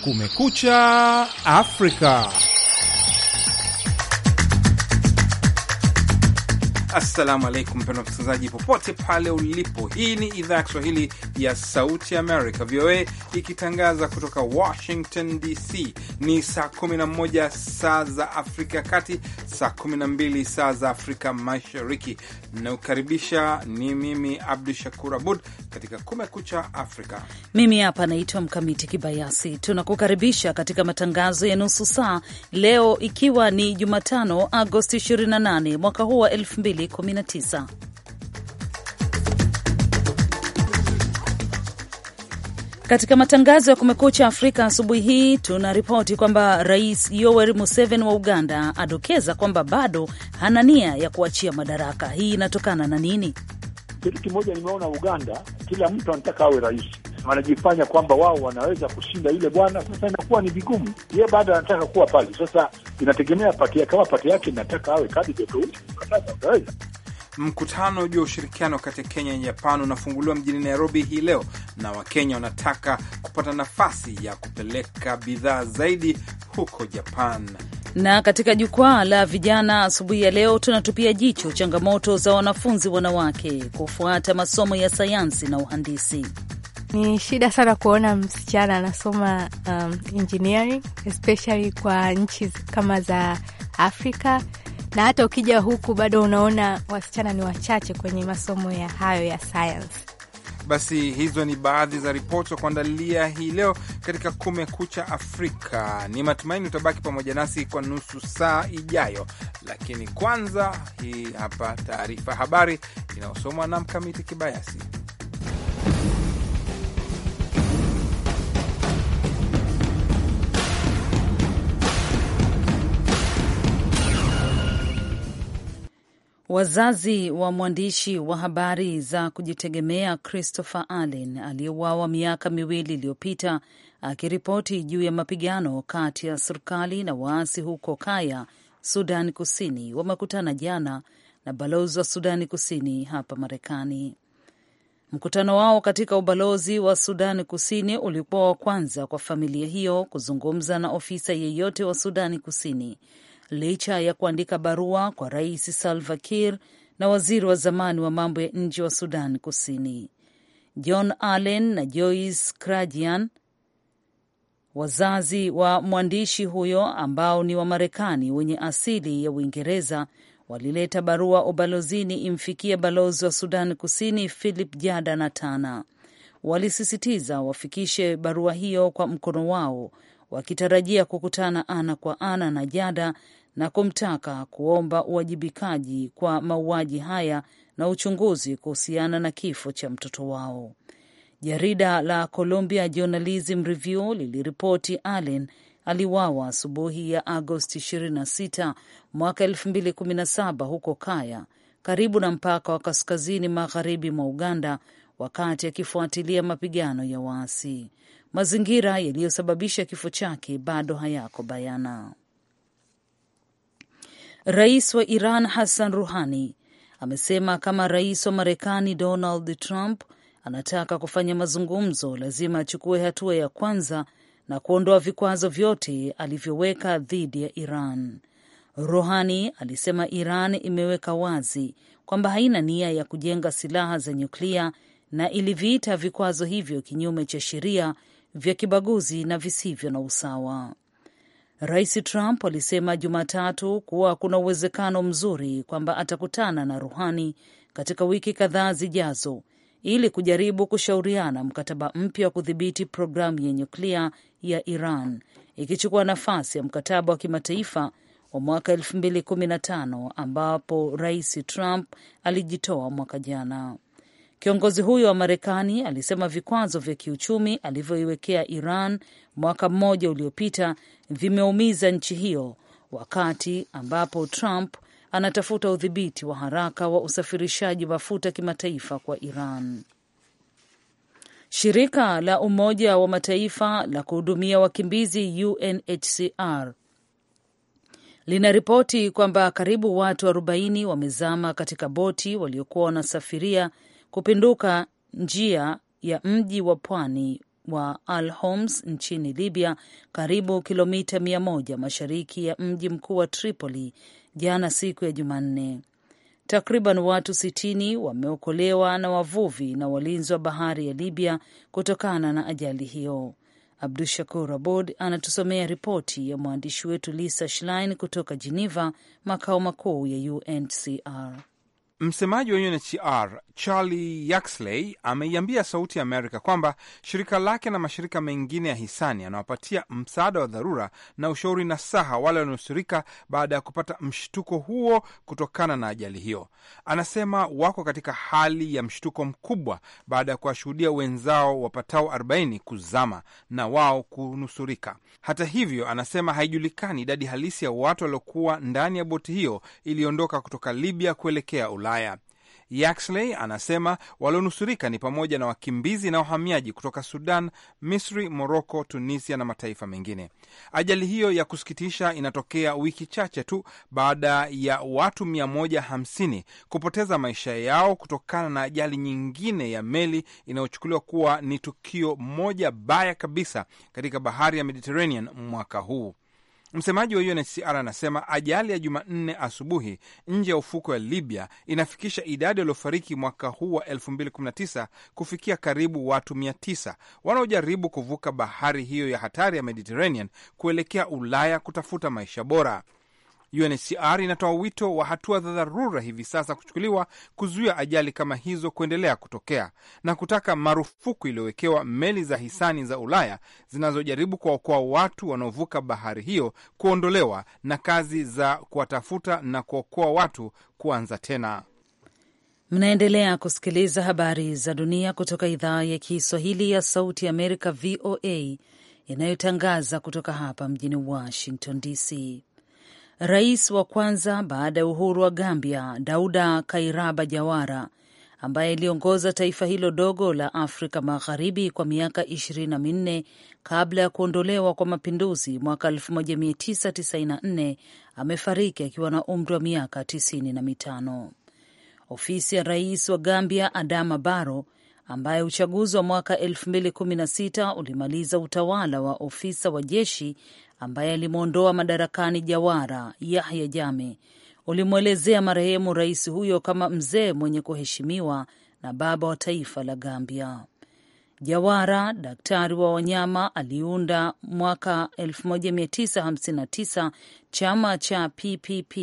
Kumekucha Afrika. Assalamu alaikum, mpendwa msikilizaji popote pale ulipo. Hii ni idhaa ya Kiswahili ya Sauti America, VOA, ikitangaza kutoka Washington DC. Ni saa 11 saa za Afrika ya Kati, saa 12 saa za Afrika Mashariki. Nakukaribisha, ni mimi Abdu Shakur Abud katika Kumekucha Afrika. Mimi hapa naitwa Mkamiti Kibayasi. Tunakukaribisha katika matangazo ya nusu saa leo, ikiwa ni Jumatano Agosti 28 mwaka huu wa katika matangazo ya Kumekucha Afrika asubuhi hii tuna ripoti kwamba Rais Yoweri Museveni wa Uganda adokeza kwamba bado hana nia ya kuachia madaraka. Hii inatokana na nini? Kitu kimoja nimeona Uganda, kila mtu anataka awe rais wanajifanya kwamba wao wanaweza kushinda yule bwana. Sasa inakuwa ni vigumu, ye bado anataka kuwa pale. Sasa inategemea pati kama pati yake inataka awe kadi huyu, utaweza Mkutano juu ya ushirikiano kati ya Kenya na Japan unafunguliwa mjini Nairobi hii leo, na Wakenya wanataka kupata nafasi ya kupeleka bidhaa zaidi huko Japan. Na katika jukwaa la vijana asubuhi ya leo, tunatupia jicho changamoto za wanafunzi wanawake kufuata masomo ya sayansi na uhandisi. Ni shida sana kuona msichana anasoma um, engineering especially kwa nchi kama za Afrika, na hata ukija huku bado unaona wasichana ni wachache kwenye masomo ya hayo ya science. Basi hizo ni baadhi za ripoti za kuandalia hii leo katika Kumekucha Afrika. Ni matumaini utabaki pamoja nasi kwa nusu saa ijayo, lakini kwanza, hii hapa taarifa habari inayosomwa na Mkamiti Kibayasi. Wazazi wa mwandishi wa habari za kujitegemea Christopher Allen aliyeuawa miaka miwili iliyopita akiripoti juu ya mapigano kati ya serikali na waasi huko Kaya, Sudan Kusini, wamekutana jana na balozi wa Sudani Kusini hapa Marekani. Mkutano wao katika ubalozi wa Sudani Kusini ulikuwa wa kwanza kwa familia hiyo kuzungumza na ofisa yeyote wa Sudani Kusini licha ya kuandika barua kwa Rais Salva Kiir na waziri wa zamani wa mambo ya nje wa Sudan Kusini John Allen na Joyce Kradian, wazazi wa mwandishi huyo ambao ni Wamarekani wenye asili ya Uingereza walileta barua ubalozini imfikie balozi wa Sudan Kusini Philip Jada Natana. Walisisitiza wafikishe barua hiyo kwa mkono wao, wakitarajia kukutana ana kwa ana na Jada na kumtaka kuomba uwajibikaji kwa mauaji haya na uchunguzi kuhusiana na kifo cha mtoto wao. Jarida la Columbia Journalism Review liliripoti Allen aliwawa asubuhi ya Agosti 26 mwaka 2017 huko Kaya, karibu na mpaka wa kaskazini magharibi mwa Uganda, wakati akifuatilia mapigano ya waasi. Mazingira yaliyosababisha kifo chake bado hayako bayana. Rais wa Iran Hassan Ruhani amesema kama rais wa Marekani Donald Trump anataka kufanya mazungumzo, lazima achukue hatua ya kwanza na kuondoa vikwazo vyote alivyoweka dhidi ya Iran. ruhani alisema Iran imeweka wazi kwamba haina nia ya kujenga silaha za nyuklia na iliviita vikwazo hivyo kinyume cha sheria, vya kibaguzi na visivyo na usawa. Rais Trump alisema Jumatatu kuwa kuna uwezekano mzuri kwamba atakutana na Ruhani katika wiki kadhaa zijazo ili kujaribu kushauriana mkataba mpya wa kudhibiti programu ya nyuklia ya Iran, ikichukua nafasi ya mkataba wa kimataifa wa mwaka 2015 ambapo Rais Trump alijitoa mwaka jana. Kiongozi huyo wa Marekani alisema vikwazo vya kiuchumi alivyoiwekea Iran mwaka mmoja uliopita vimeumiza nchi hiyo, wakati ambapo Trump anatafuta udhibiti wa haraka wa usafirishaji mafuta kimataifa kwa Iran. Shirika la Umoja wa Mataifa la kuhudumia wakimbizi UNHCR linaripoti kwamba karibu watu 40 wamezama katika boti waliokuwa wanasafiria kupinduka njia ya mji wa pwani wa Al Homs nchini Libya, karibu kilomita 1 mashariki ya mji mkuu wa Tripoli jana siku ya Jumanne. Takriban watu 60 wameokolewa na wavuvi na walinzi wa bahari ya Libya kutokana na ajali hiyo. Abdu Shakur Abod anatusomea ripoti ya mwandishi wetu Lisa Schlein kutoka Geneva, makao makuu ya UNHCR. Msemaji wa UNHCR Charlie Yaxley ameiambia Sauti ya Amerika kwamba shirika lake na mashirika mengine ya hisani yanawapatia msaada wa dharura na ushauri na saha wale walionusurika baada ya kupata mshtuko huo kutokana na ajali hiyo. Anasema wako katika hali ya mshtuko mkubwa baada ya kuwashuhudia wenzao wapatao 40 kuzama na wao kunusurika. Hata hivyo, anasema haijulikani idadi halisi ya watu waliokuwa ndani ya boti hiyo iliyoondoka kutoka Libya kuelekea Ulaya. Ulaya. Yaxley anasema walionusurika ni pamoja na wakimbizi na wahamiaji kutoka Sudan, Misri, Moroko, Tunisia na mataifa mengine. Ajali hiyo ya kusikitisha inatokea wiki chache tu baada ya watu 150 kupoteza maisha yao kutokana na ajali nyingine ya meli inayochukuliwa kuwa ni tukio moja baya kabisa katika bahari ya Mediterranean mwaka huu. Msemaji wa UNHCR anasema ajali ya Jumanne asubuhi nje ya ufuko wa Libya inafikisha idadi waliofariki mwaka huu wa 2019 kufikia karibu watu 900 wanaojaribu kuvuka bahari hiyo ya hatari ya Mediterranean kuelekea Ulaya kutafuta maisha bora. UNHCR inatoa wito wa hatua za dharura hivi sasa kuchukuliwa kuzuia ajali kama hizo kuendelea kutokea na kutaka marufuku iliyowekewa meli za hisani za Ulaya zinazojaribu kuwaokoa watu wanaovuka bahari hiyo kuondolewa na kazi za kuwatafuta na kuokoa watu kuanza tena. Mnaendelea kusikiliza habari za dunia kutoka idhaa ya Kiswahili ya Sauti ya Amerika, VOA, inayotangaza kutoka hapa mjini Washington DC. Rais wa kwanza baada ya uhuru wa Gambia, Dauda Kairaba Jawara, ambaye aliongoza taifa hilo dogo la Afrika Magharibi kwa miaka ishirini na minne kabla ya kuondolewa kwa mapinduzi mwaka 1994 amefariki akiwa na umri wa miaka tisini na mitano. Ofisi ya rais wa Gambia Adama baro ambaye uchaguzi wa mwaka 2016 ulimaliza utawala wa ofisa wa jeshi ambaye alimwondoa madarakani Jawara Yahya jame ulimwelezea marehemu rais huyo kama mzee mwenye kuheshimiwa na baba wa taifa la Gambia. Jawara, daktari wa wanyama, aliunda mwaka 1959 chama cha PPP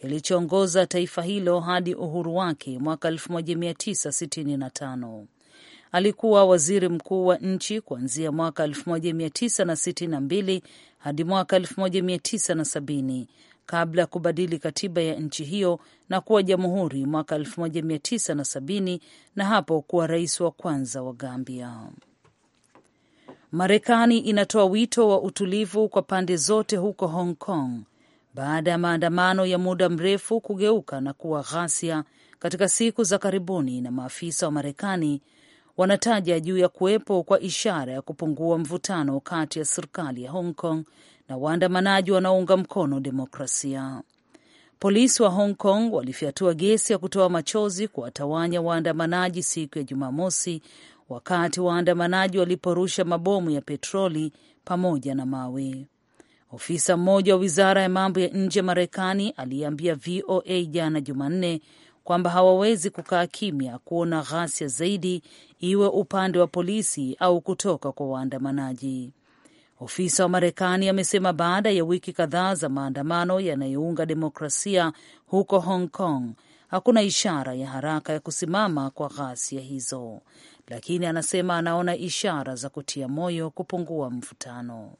kilichoongoza taifa hilo hadi uhuru wake mwaka 1965 alikuwa waziri mkuu wa nchi kuanzia mwaka 1962 hadi mwaka 1970 kabla ya kubadili katiba ya nchi hiyo na kuwa jamhuri mwaka 1970 na hapo kuwa rais wa kwanza wa Gambia. Marekani inatoa wito wa utulivu kwa pande zote huko Hong Kong baada ya maandamano ya muda mrefu kugeuka na kuwa ghasia katika siku za karibuni, na maafisa wa Marekani wanataja juu ya kuwepo kwa ishara ya kupungua mvutano kati ya serikali ya Hong Kong na waandamanaji wanaounga mkono demokrasia. Polisi wa Hong Kong walifyatua gesi ya kutoa machozi kuwatawanya waandamanaji siku ya Jumamosi, wakati waandamanaji waliporusha mabomu ya petroli pamoja na mawe. Ofisa mmoja wa wizara ya mambo ya nje ya Marekani aliyeambia VOA jana Jumanne kwamba hawawezi kukaa kimya kuona ghasia zaidi, iwe upande wa polisi au kutoka kwa waandamanaji. Ofisa wa Marekani amesema baada ya wiki kadhaa za maandamano yanayounga demokrasia huko Hong Kong, hakuna ishara ya haraka ya kusimama kwa ghasia hizo, lakini anasema anaona ishara za kutia moyo kupungua mvutano.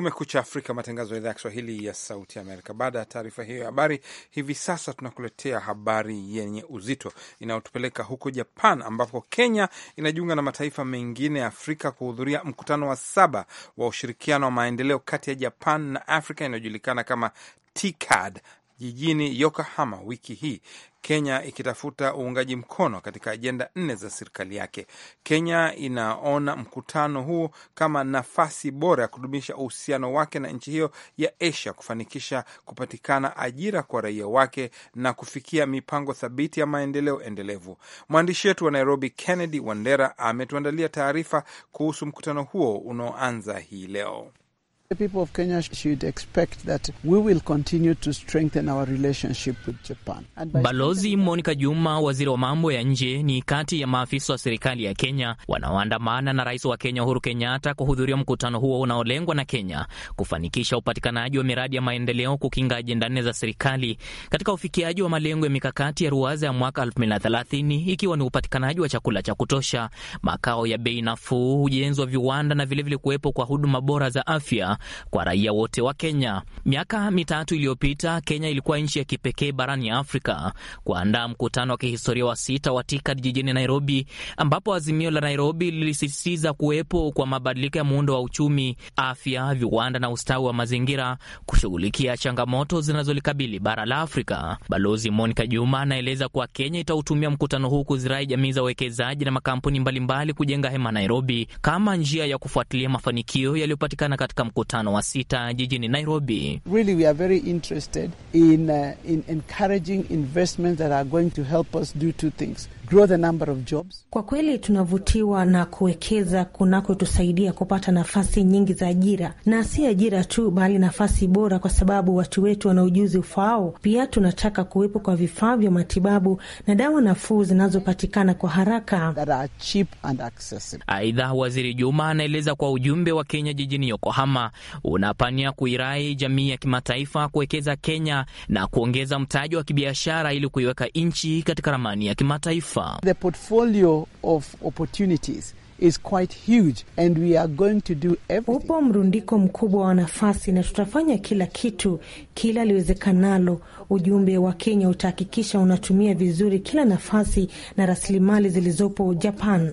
Kumekucha Afrika, matangazo ya idhaa ya Kiswahili ya Sauti ya Amerika. Baada ya taarifa hiyo ya habari, hivi sasa tunakuletea habari yenye uzito inayotupeleka huko Japan, ambapo Kenya inajiunga na mataifa mengine ya Afrika kuhudhuria mkutano wa saba wa ushirikiano wa maendeleo kati ya Japan na Afrika inayojulikana kama TICAD jijini Yokohama wiki hii Kenya ikitafuta uungaji mkono katika ajenda nne za serikali yake. Kenya inaona mkutano huu kama nafasi bora ya kudumisha uhusiano wake na nchi hiyo ya Asia, kufanikisha kupatikana ajira kwa raia wake na kufikia mipango thabiti ya maendeleo endelevu. Mwandishi wetu wa Nairobi, Kennedy Wandera, ametuandalia taarifa kuhusu mkutano huo unaoanza hii leo. The people of Kenya should expect that we will continue to strengthen our relationship with Japan. Balozi Monica Juma, waziri wa mambo ya nje, ni kati ya maafisa wa serikali ya Kenya wanaoandamana na rais wa Kenya Uhuru Kenyatta kuhudhuria mkutano huo unaolengwa na Kenya kufanikisha upatikanaji wa miradi ya maendeleo, kukinga ajenda nne za serikali katika ufikiaji wa malengo ya mikakati ya ruwaza ya mwaka 2030 ikiwa ni upatikanaji wa chakula cha kutosha, makao ya bei nafuu, ujenzi wa viwanda na vilevile kuwepo kwa huduma bora za afya kwa raia wote wa Kenya. Miaka mitatu iliyopita, Kenya ilikuwa nchi ya kipekee barani Afrika kuandaa mkutano wa kihistoria wa sita wa TIKAD jijini Nairobi, ambapo azimio la Nairobi lilisisitiza kuwepo kwa mabadiliko ya muundo wa uchumi, afya, viwanda na ustawi wa mazingira kushughulikia changamoto zinazolikabili bara la Afrika. Balozi Monica Juma anaeleza kuwa Kenya itautumia mkutano huu kuzirai jamii za uwekezaji na makampuni mbalimbali mbali kujenga hema Nairobi kama njia ya kufuatilia mafanikio yaliyopatikana katika mkutano mkutano wa sita jijini Nairobi. Really we are very interested in, uh, in encouraging investments that are going to help us do two things grow the number of jobs. Kwa kweli tunavutiwa na kuwekeza kunakotusaidia kupata nafasi nyingi za ajira, na si ajira tu, bali nafasi bora, kwa sababu watu wetu wana ujuzi ufaao. Pia tunataka kuwepo kwa vifaa vya matibabu na dawa nafuu zinazopatikana kwa haraka. Aidha, Waziri Juma anaeleza kwa ujumbe wa Kenya jijini Yokohama unapania kuirai jamii ya kimataifa kuwekeza Kenya na kuongeza mtaji wa kibiashara ili kuiweka nchi katika ramani ya kimataifa kimataifa. The portfolio of opportunities is quite huge and we are going to do everything. Upo mrundiko mkubwa wa nafasi na tutafanya kila kitu kila liwezekanalo. Ujumbe wa Kenya utahakikisha unatumia vizuri kila nafasi na rasilimali zilizopo Japan.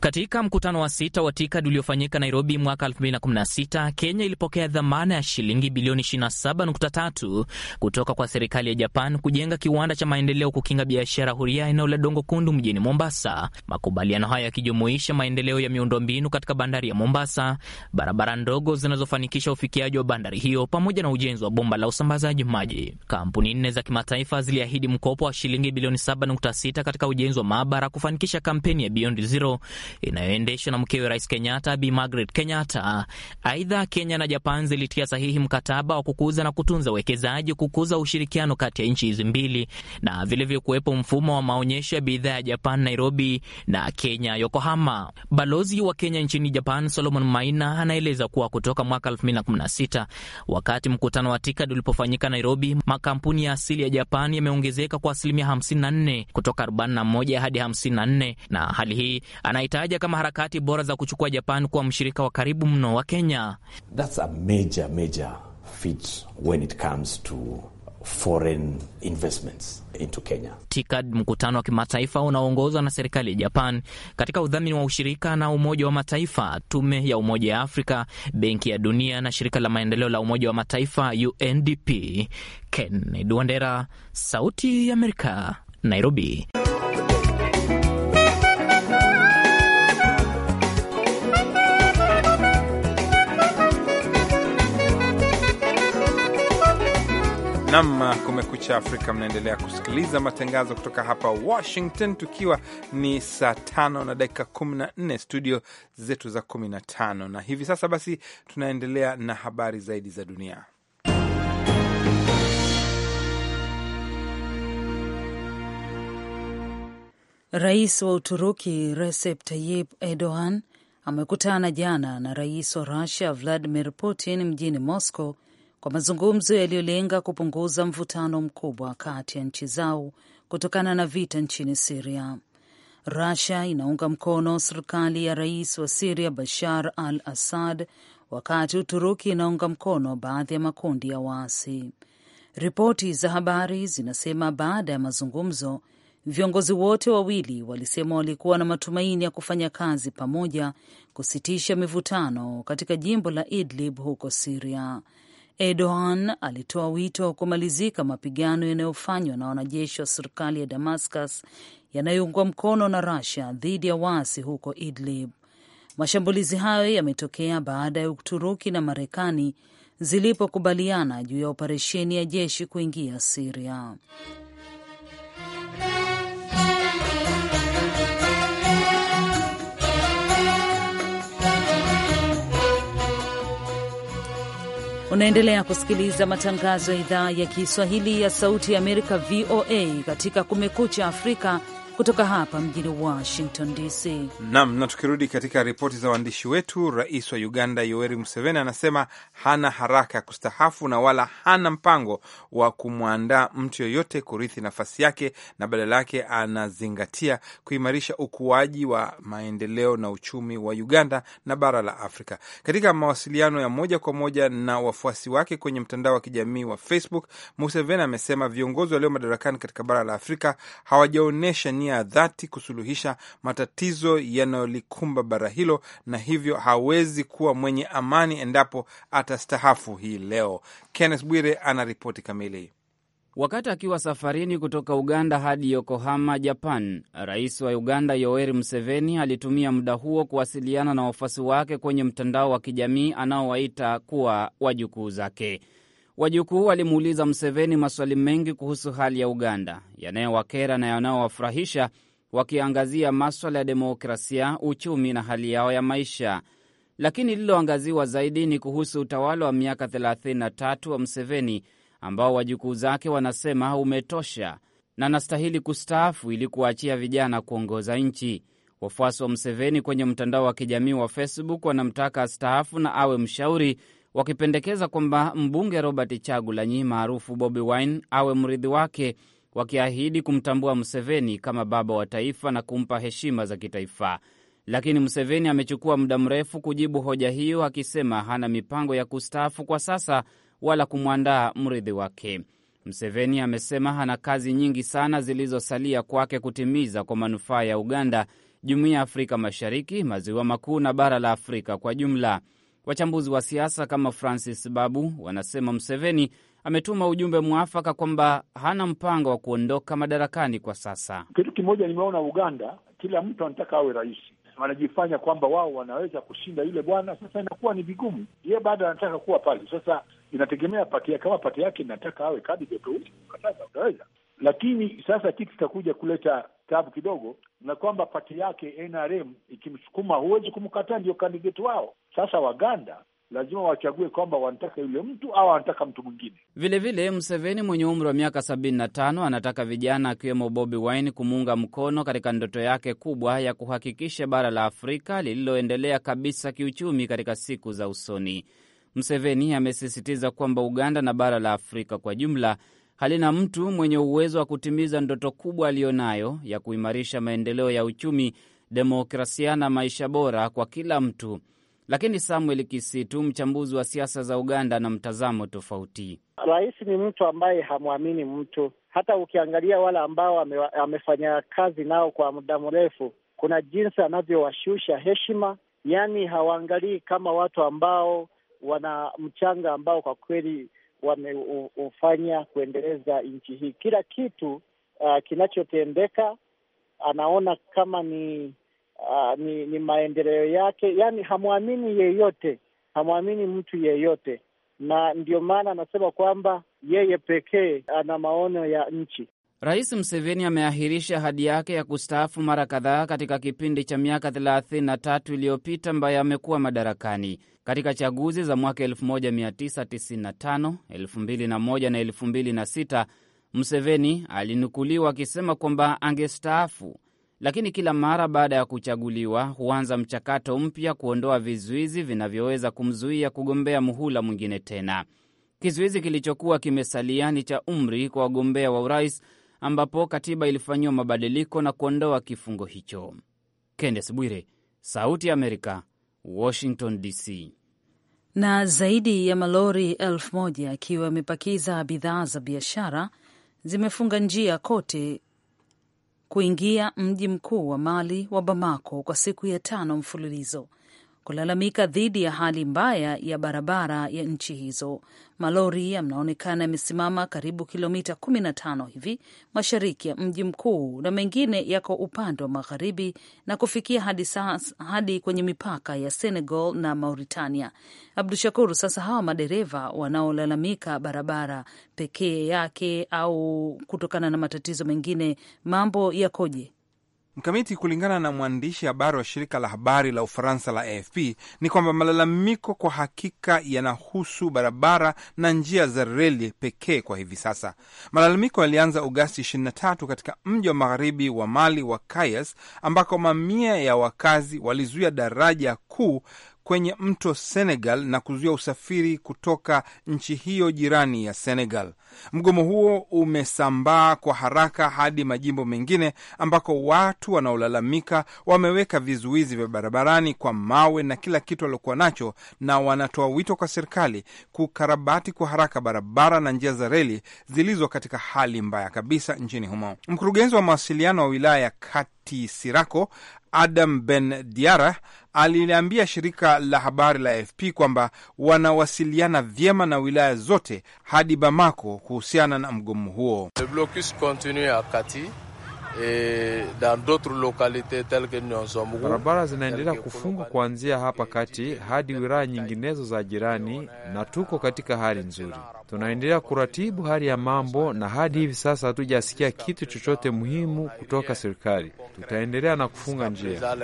Katika mkutano wa sita wa TIKAD uliofanyika Nairobi mwaka 2016, Kenya ilipokea dhamana ya shilingi bilioni 27.3 kutoka kwa serikali ya Japan kujenga kiwanda cha maendeleo kukinga biashara huria eneo la Dongo Kundu mjini Mombasa. Makubaliano hayo yakijumuisha maendeleo ya miundombinu katika bandari ya Mombasa, barabara ndogo zinazofanikisha ufikiaji wa bandari bandari hiyo pamoja na ujenzi wa bomba la usambazaji maji. Kampuni nne za kimataifa ziliahidi mkopo wa shilingi bilioni 7.6 katika ujenzi wa maabara kufanikisha kampeni ya Beyond Zero inayoendeshwa na mkewe Rais Kenyatta, Bi Margaret Kenyatta. Aidha, Kenya na Japan zilitia sahihi mkataba wa kukuza na kutunza uwekezaji, kukuza ushirikiano kati ya nchi hizi mbili, na vilevile kuwepo mfumo wa maonyesho ya bidhaa ya Japan Nairobi na Kenya Yokohama. Balozi wa Kenya nchini Japan Solomon Maina anaeleza kuwa kutoka mwaka 2016 Wakati mkutano wa TIKAD ulipofanyika Nairobi, makampuni ya asili ya japan yameongezeka kwa asilimia 54 kutoka 41 hadi 54, na hali hii anaitaja kama harakati bora za kuchukua Japan kuwa mshirika wa karibu mno wa Kenya. That's a major, major feat when it comes to foreign investments into Kenya. TICAD, mkutano wa kimataifa unaoongozwa na serikali ya Japan katika udhamini wa ushirika na Umoja wa Mataifa, Tume ya Umoja ya Afrika, Benki ya Dunia na Shirika la Maendeleo la Umoja wa Mataifa UNDP. Kennedy Wandera, Sauti ya Amerika, Nairobi. Nam kumekucha Afrika, mnaendelea kusikiliza matangazo kutoka hapa Washington, tukiwa ni saa tano na dakika kumi na nne studio zetu za kumi na tano na hivi sasa basi, tunaendelea na habari zaidi za dunia. Rais wa Uturuki Recep Tayyip Erdogan amekutana jana na rais wa Rusia Vladimir Putin mjini Moscow kwa mazungumzo yaliyolenga kupunguza mvutano mkubwa kati ya nchi zao kutokana na vita nchini Siria. Russia inaunga mkono serikali ya rais wa Siria Bashar al Assad, wakati Uturuki inaunga mkono baadhi ya makundi ya waasi. Ripoti za habari zinasema baada ya mazungumzo, viongozi wote wawili walisema walikuwa na matumaini ya kufanya kazi pamoja kusitisha mivutano katika jimbo la Idlib huko Siria. Erdogan alitoa wito wa kumalizika mapigano yanayofanywa na wanajeshi wa serikali ya Damascus yanayoungwa mkono na rasia dhidi ya waasi huko Idlib. Mashambulizi hayo yametokea baada ya Uturuki na Marekani zilipokubaliana juu ya operesheni ya jeshi kuingia Siria. Unaendelea kusikiliza matangazo ya idhaa ya Kiswahili ya Sauti ya Amerika, VOA, katika Kumekucha Afrika kutoka hapa mjini Washington DC. Naam, na tukirudi katika ripoti za waandishi wetu, rais wa Uganda Yoweri Museveni anasema hana haraka ya kustahafu na wala hana mpango wa kumwandaa mtu yoyote kurithi nafasi yake, na badala yake anazingatia kuimarisha ukuaji wa maendeleo na uchumi wa Uganda na bara la Afrika. Katika mawasiliano ya moja kwa moja na wafuasi wake kwenye mtandao wa kijamii wa Facebook, Museveni amesema viongozi walio madarakani katika bara la Afrika hawajaonyesha nia ya dhati kusuluhisha matatizo yanayolikumba bara hilo, na hivyo hawezi kuwa mwenye amani endapo atastahafu hii leo. Kenneth Bwire ana ripoti kamili. Wakati akiwa safarini kutoka Uganda hadi Yokohama, Japan, rais wa Uganda Yoweri Museveni alitumia muda huo kuwasiliana na wafuasi wake kwenye mtandao wa kijamii anaowaita kuwa wajukuu zake. Wajukuu walimuuliza Mseveni maswali mengi kuhusu hali ya Uganda yanayowakera na yanayowafurahisha, wakiangazia maswala ya demokrasia, uchumi na hali yao ya maisha, lakini lililoangaziwa zaidi ni kuhusu utawala wa miaka 33 wa Mseveni ambao wajukuu zake wanasema umetosha na anastahili kustaafu ili kuwaachia vijana kuongoza nchi. Wafuasi wa Mseveni kwenye mtandao wa kijamii wa Facebook wanamtaka astaafu na awe mshauri wakipendekeza kwamba mbunge Robert Chagulanyi maarufu Bobi Wine awe mrithi wake, wakiahidi kumtambua Museveni kama baba wa taifa na kumpa heshima za kitaifa. Lakini Museveni amechukua muda mrefu kujibu hoja hiyo, akisema hana mipango ya kustaafu kwa sasa wala kumwandaa mrithi wake. Museveni amesema ana kazi nyingi sana zilizosalia kwake kutimiza kwa manufaa ya Uganda, jumuiya ya Afrika Mashariki, maziwa makuu na bara la Afrika kwa jumla. Wachambuzi wa siasa kama Francis Babu wanasema mseveni ametuma ujumbe mwafaka kwamba hana mpango wa kuondoka madarakani kwa sasa. Kitu kimoja nimeona Uganda, kila mtu anataka awe rais, wanajifanya kwamba wao wanaweza kushinda yule bwana. Sasa inakuwa ni vigumu, yeye bado anataka kuwa pale. Sasa inategemea pati yake, kama pati yake inataka awe kadi, utaweza. Lakini sasa kitu kitakuja kuleta tabu kidogo, na kwamba pati yake NRM ikimsukuma, huwezi kumkataa, ndio kandidati wao. Sasa Waganda lazima wachague kwamba wanataka yule mtu au wanataka mtu mwingine. Vilevile, Mseveni mwenye umri wa miaka sabini na tano anataka vijana akiwemo Bobi Wine kumuunga mkono katika ndoto yake kubwa ya kuhakikisha bara la Afrika lililoendelea kabisa kiuchumi katika siku za usoni. Mseveni amesisitiza kwamba Uganda na bara la Afrika kwa jumla halina mtu mwenye uwezo wa kutimiza ndoto kubwa aliyonayo ya kuimarisha maendeleo ya uchumi, demokrasia na maisha bora kwa kila mtu. Lakini Samuel Kisitu, mchambuzi wa siasa za Uganda, na mtazamo tofauti. Rais ni mtu ambaye hamwamini mtu. Hata ukiangalia wale ambao ame, amefanya kazi nao kwa muda mrefu, kuna jinsi anavyowashusha heshima, yaani hawaangalii kama watu ambao wana mchanga ambao kwa kweli wameufanya kuendeleza nchi hii. Kila kitu uh, kinachotendeka anaona kama ni, uh, ni ni maendeleo yake, yaani hamwamini yeyote, hamwamini mtu yeyote, na ndio maana anasema kwamba yeye pekee ana maono ya nchi. Rais Museveni ameahirisha hadi yake ya kustaafu mara kadhaa katika kipindi cha miaka 33 iliyopita ambayo amekuwa madarakani. Katika chaguzi za mwaka 1995, 2001 na 2006, Museveni alinukuliwa akisema kwamba angestaafu, lakini kila mara baada ya kuchaguliwa huanza mchakato mpya kuondoa vizuizi vinavyoweza kumzuia kugombea muhula mwingine tena. Kizuizi kilichokuwa kimesalia ni cha umri kwa wagombea wa urais ambapo katiba ilifanyiwa mabadiliko na kuondoa kifungo hicho. Kendes Bwire, Sauti ya Amerika, Washington DC. Na zaidi ya malori elfu moja akiwa amepakiza bidhaa za biashara zimefunga njia kote kuingia mji mkuu wa Mali wa Bamako kwa siku ya tano mfululizo kulalamika dhidi ya hali mbaya ya barabara ya nchi hizo. Malori yanaonekana yamesimama karibu kilomita 15 hivi mashariki ya mji mkuu na mengine yako upande wa magharibi na kufikia hadi sasa, hadi kwenye mipaka ya Senegal na Mauritania. Abdu Shakuru, sasa hawa madereva wanaolalamika barabara pekee yake au kutokana na matatizo mengine, mambo yakoje? Mkamiti, kulingana na mwandishi habari wa shirika la habari la Ufaransa la AFP ni kwamba malalamiko kwa hakika yanahusu barabara na njia za reli pekee kwa hivi sasa. Malalamiko yalianza Agosti 23 katika mji wa magharibi wa Mali wa Kayes, ambako mamia ya wakazi walizuia daraja kuu kwenye mto Senegal na kuzuia usafiri kutoka nchi hiyo jirani ya Senegal. Mgomo huo umesambaa kwa haraka hadi majimbo mengine ambako watu wanaolalamika wameweka vizuizi vya barabarani kwa mawe na kila kitu waliokuwa nacho, na wanatoa wito kwa serikali kukarabati kwa haraka barabara na njia za reli zilizo katika hali mbaya kabisa nchini humo. Mkurugenzi wa mawasiliano wa wilaya ya Kati Sirako Adam Ben diara aliliambia shirika la habari la AFP kwamba wanawasiliana vyema na wilaya zote hadi Bamako kuhusiana na mgomo huo. Barabara zinaendelea kufungwa kuanzia hapa kati hadi wilaya nyinginezo za jirani, na tuko katika hali nzuri. Tunaendelea kuratibu hali ya mambo, na hadi hivi sasa hatujasikia kitu chochote muhimu kutoka serikali tutaendelea na kufunga njia.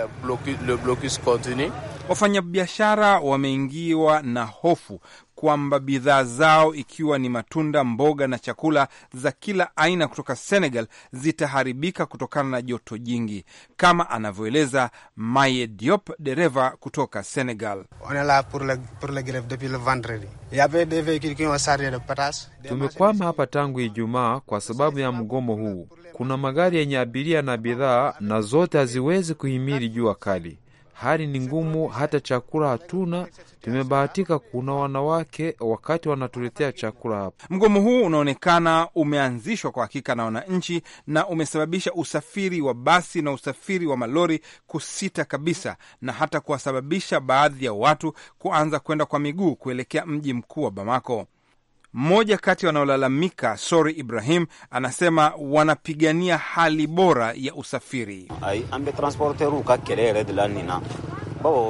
Wafanyabiashara wameingiwa na hofu kwamba bidhaa zao ikiwa ni matunda, mboga na chakula za kila aina kutoka Senegal zitaharibika kutokana na joto jingi, kama anavyoeleza Maye Diop, dereva kutoka Senegal. Tumekwama hapa tangu Ijumaa kwa sababu ya mgomo huu. Kuna magari yenye abiria na bidhaa, na zote haziwezi kuhimili jua kali. Hali ni ngumu, hata chakula hatuna. Tumebahatika, kuna wanawake wakati wanatuletea chakula hapa. Mgomo huu unaonekana umeanzishwa kwa hakika na wananchi na umesababisha usafiri wa basi na usafiri wa malori kusita kabisa, na hata kuwasababisha baadhi ya watu kuanza kwenda kwa miguu kuelekea mji mkuu wa Bamako. Mmoja kati ya wanaolalamika Sori Ibrahim anasema wanapigania hali bora ya usafiri.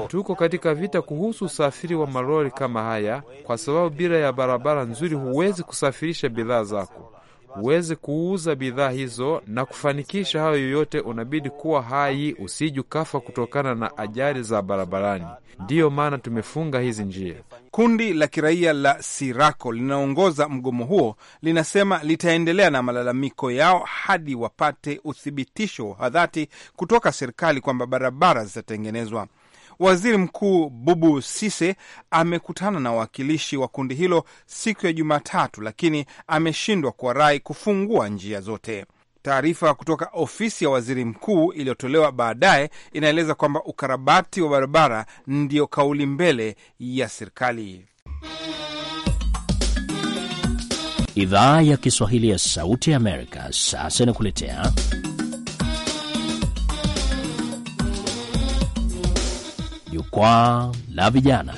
Tuko katika vita kuhusu usafiri wa malori kama haya, kwa sababu bila ya barabara nzuri huwezi kusafirisha bidhaa zako, huwezi kuuza bidhaa hizo na kufanikisha hayo yoyote. Unabidi kuwa hai, usijukafa ukafa kutokana na ajali za barabarani. Ndiyo maana tumefunga hizi njia. Kundi la kiraia la Sirako linaongoza mgomo huo, linasema litaendelea na malalamiko yao hadi wapate uthibitisho wa dhati kutoka serikali kwamba barabara zitatengenezwa. Waziri Mkuu Bubu Sise amekutana na wawakilishi wa kundi hilo siku ya Jumatatu, lakini ameshindwa kuwarai kufungua njia zote. Taarifa kutoka ofisi ya waziri mkuu iliyotolewa baadaye inaeleza kwamba ukarabati wa barabara ndiyo kauli mbele ya serikali. Idhaa ya Kiswahili ya Sauti ya Amerika sasa inakuletea jukwaa la vijana.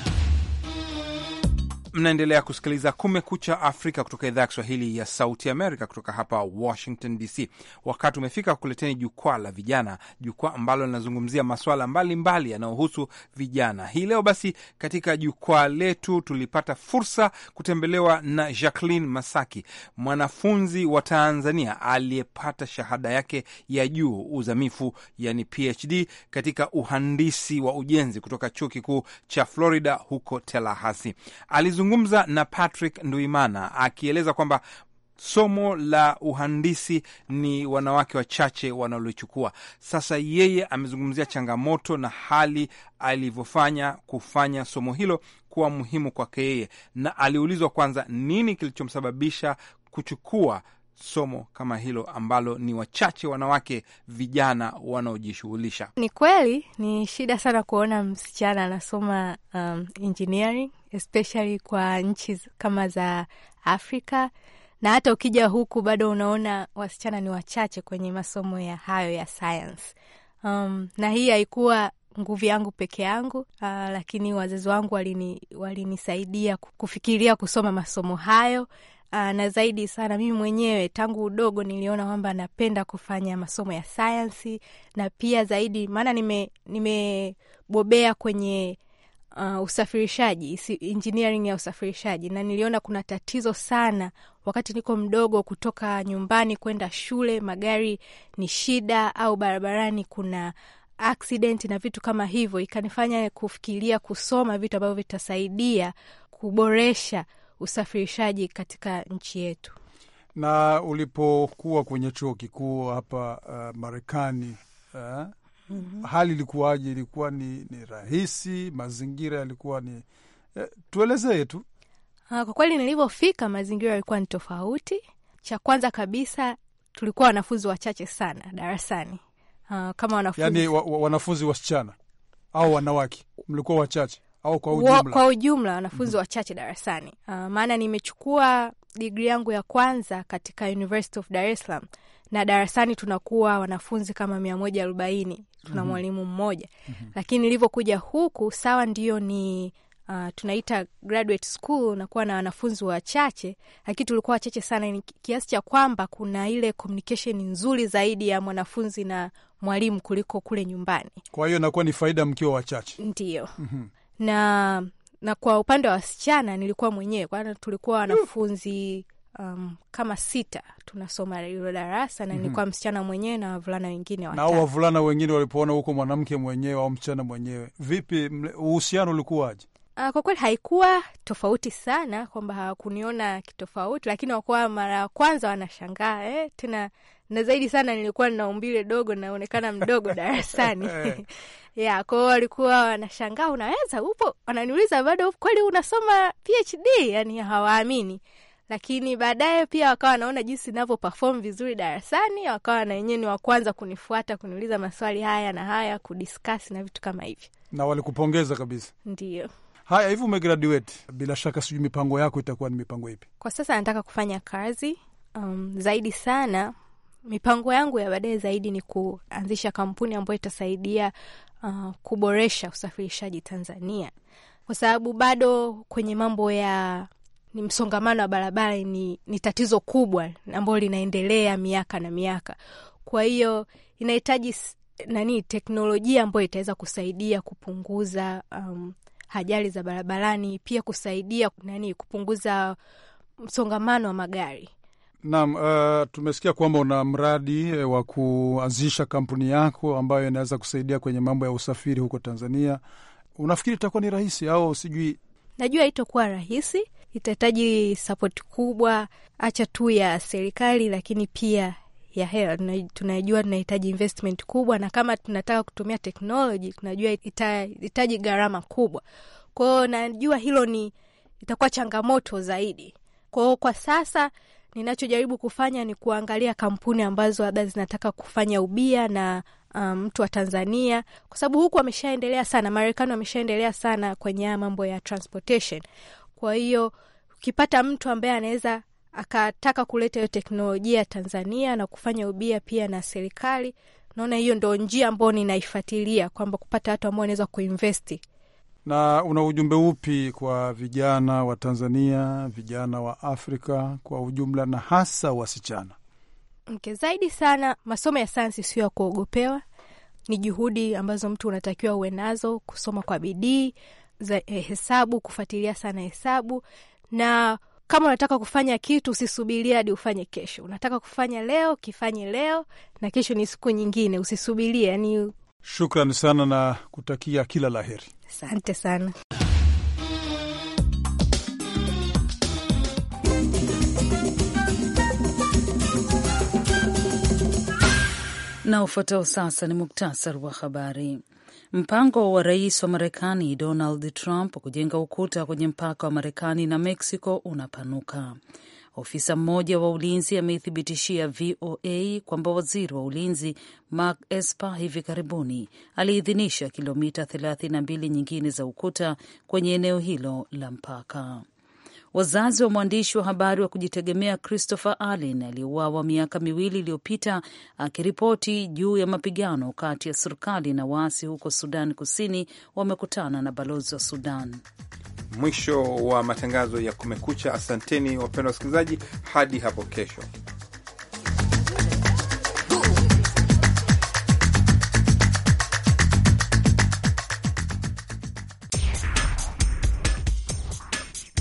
Mnaendelea kusikiliza Kumekucha Afrika kutoka idhaa ya Kiswahili ya Sauti Amerika kutoka hapa Washington DC. Wakati umefika kuleteni jukwaa la vijana, jukwaa ambalo linazungumzia maswala mbalimbali yanayohusu vijana hii leo. Basi katika jukwaa letu tulipata fursa kutembelewa na Jacqueline Masaki, mwanafunzi wa Tanzania aliyepata shahada yake ya juu uzamifu, yani PhD katika uhandisi wa ujenzi kutoka chuo kikuu cha Florida huko Tallahassee. Nimezungumza na Patrick Nduimana akieleza kwamba somo la uhandisi ni wanawake wachache wanaolichukua. Sasa yeye amezungumzia changamoto na hali alivyofanya kufanya somo hilo kuwa muhimu kwake yeye, na aliulizwa kwanza nini kilichomsababisha kuchukua somo kama hilo ambalo ni wachache wanawake vijana wanaojishughulisha. Ni kweli ni shida sana kuona msichana anasoma um, engineering especially kwa nchi kama za Afrika na hata ukija huku bado unaona wasichana ni wachache kwenye masomo ya hayo ya science. Um, na hii haikuwa nguvu yangu peke yangu uh, lakini wazazi wangu walini, walinisaidia kufikiria kusoma masomo hayo Ah, na zaidi sana mimi mwenyewe tangu udogo niliona kwamba napenda kufanya masomo ya sayansi, na pia zaidi maana nimebobea nime kwenye uh, usafirishaji engineering ya usafirishaji, na niliona kuna tatizo sana wakati niko mdogo, kutoka nyumbani kwenda shule magari ni shida, au barabarani kuna accident na vitu kama hivyo, ikanifanya kufikiria kusoma vitu ambavyo vitasaidia kuboresha usafirishaji katika nchi yetu. Na ulipokuwa kwenye chuo kikuu hapa uh, Marekani uh, mm -hmm. hali ilikuwaje? Ilikuwa ni, ni rahisi? Mazingira yalikuwa ni uh, tuelezee tu. Ah, kwa kweli nilivyofika, mazingira yalikuwa ni tofauti. Cha kwanza kabisa tulikuwa wanafunzi wachache sana darasani. Uh, kama wanafunzi yani, wa, wa, wanafunzi wasichana au wanawake mlikuwa wachache? au kwa ujumla? Kwa ujumla wanafunzi mm -hmm. wachache darasani. Uh, maana nimechukua digri yangu ya kwanza katika University of Dar es Salaam na darasani tunakuwa wanafunzi kama mia moja arobaini tuna mm -hmm. mwalimu mmoja mm -hmm. lakini nilivyokuja huku sawa, ndio ni Uh, tunaita graduate school nakuwa na wanafunzi wachache, lakini tulikuwa wachache sana, ni kiasi cha kwamba kuna ile communication nzuri zaidi ya mwanafunzi na mwalimu kuliko kule nyumbani. Kwa hiyo inakuwa ni faida mkiwa wachache, ndio. mm -hmm na na kwa upande wa wasichana nilikuwa mwenyewe, kwani tulikuwa wanafunzi um, kama sita tunasoma hilo darasa na mhm. Nilikuwa msichana mwenyewe na wavulana wengine watatu. Na wavulana wengine walipoona huko mwanamke mwenyewe au msichana mwenyewe, vipi uhusiano ulikuwaje? Uh, kwa kweli haikuwa tofauti sana, kwamba hawakuniona kitofauti, lakini wakuwa mara ya kwanza wanashangaa eh, tena na zaidi sana nilikuwa na umbile dogo, naonekana mdogo darasani eh. yeah, kwao walikuwa wanashangaa, unaweza upo, wananiuliza bado kweli unasoma PhD, yani hawaamini lakini baadaye pia wakawa wanaona jinsi navyo perform vizuri darasani, wakawa na wenyewe ni wa kwanza kunifuata kuniuliza maswali haya na haya, kudiskasi na vitu kama hivyo, na walikupongeza kabisa. Ndio haya hivi, umegraduate bila shaka, sijui mipango yako itakuwa ni mipango ipi kwa sasa? Nataka kufanya kazi um, zaidi sana mipango yangu ya baadaye zaidi ni kuanzisha kampuni ambayo itasaidia uh, kuboresha usafirishaji Tanzania, kwa sababu bado kwenye mambo ya ni msongamano wa barabara ni, ni tatizo kubwa ambalo linaendelea miaka na miaka. Kwa hiyo inahitaji nani teknolojia ambayo itaweza kusaidia kupunguza um, ajali za barabarani, pia kusaidia nani kupunguza msongamano wa magari. Naam, uh, tumesikia kwamba una mradi eh, wa kuanzisha kampuni yako ambayo inaweza kusaidia kwenye mambo ya usafiri huko Tanzania. Unafikiri itakuwa ni rahisi au sijui? Najua itakuwa rahisi, itahitaji sapoti kubwa, acha tu ya serikali, lakini pia ya hela. Tunajua tunahitaji investment kubwa, na kama tunataka kutumia teknoloji, tunajua itahitaji gharama kubwa. Kwao najua hilo ni itakuwa changamoto zaidi. kwao kwa sasa ninachojaribu kufanya ni kuangalia kampuni ambazo labda zinataka kufanya ubia na um, mtu um, wa Tanzania kwa sababu huku wameshaendelea sana, Marekani wameshaendelea sana kwenye haya mambo ya transportation. Kwa hiyo ukipata mtu ambaye anaweza akataka kuleta hiyo teknolojia ya Tanzania na kufanya ubia pia na serikali, naona hiyo ndo njia ambayo ninaifuatilia kwamba kupata watu ambao wanaweza kuinvesti na una ujumbe upi kwa vijana wa Tanzania, vijana wa Afrika kwa ujumla, na hasa wasichana? Mke zaidi sana, masomo ya sayansi sio ya kuogopewa, ni juhudi ambazo mtu unatakiwa uwe nazo, kusoma kwa bidii za eh, hesabu, kufuatilia sana hesabu. Na kama unataka kufanya kitu usisubiria hadi ufanye kesho. Unataka kufanya leo, kifanye leo, na kesho ni siku nyingine, usisubirie. Yani, shukrani sana na kutakia kila laheri. Asante sana. Na ufuatao sasa ni muktasari wa habari. Mpango wa rais wa Marekani Donald Trump kujenga ukuta kwenye mpaka wa Marekani na Meksiko unapanuka. Ofisa mmoja wa ulinzi ameithibitishia VOA kwamba waziri wa ulinzi Mark Esper hivi karibuni aliidhinisha kilomita 32 nyingine za ukuta kwenye eneo hilo la mpaka. Wazazi wa mwandishi wa habari wa kujitegemea Christopher Allen aliyeuawa miaka miwili iliyopita akiripoti juu ya mapigano kati ya serikali na waasi huko Sudan Kusini wamekutana na balozi wa Sudan mwisho wa matangazo ya Kumekucha. Asanteni wapendwa wasikilizaji, hadi hapo kesho.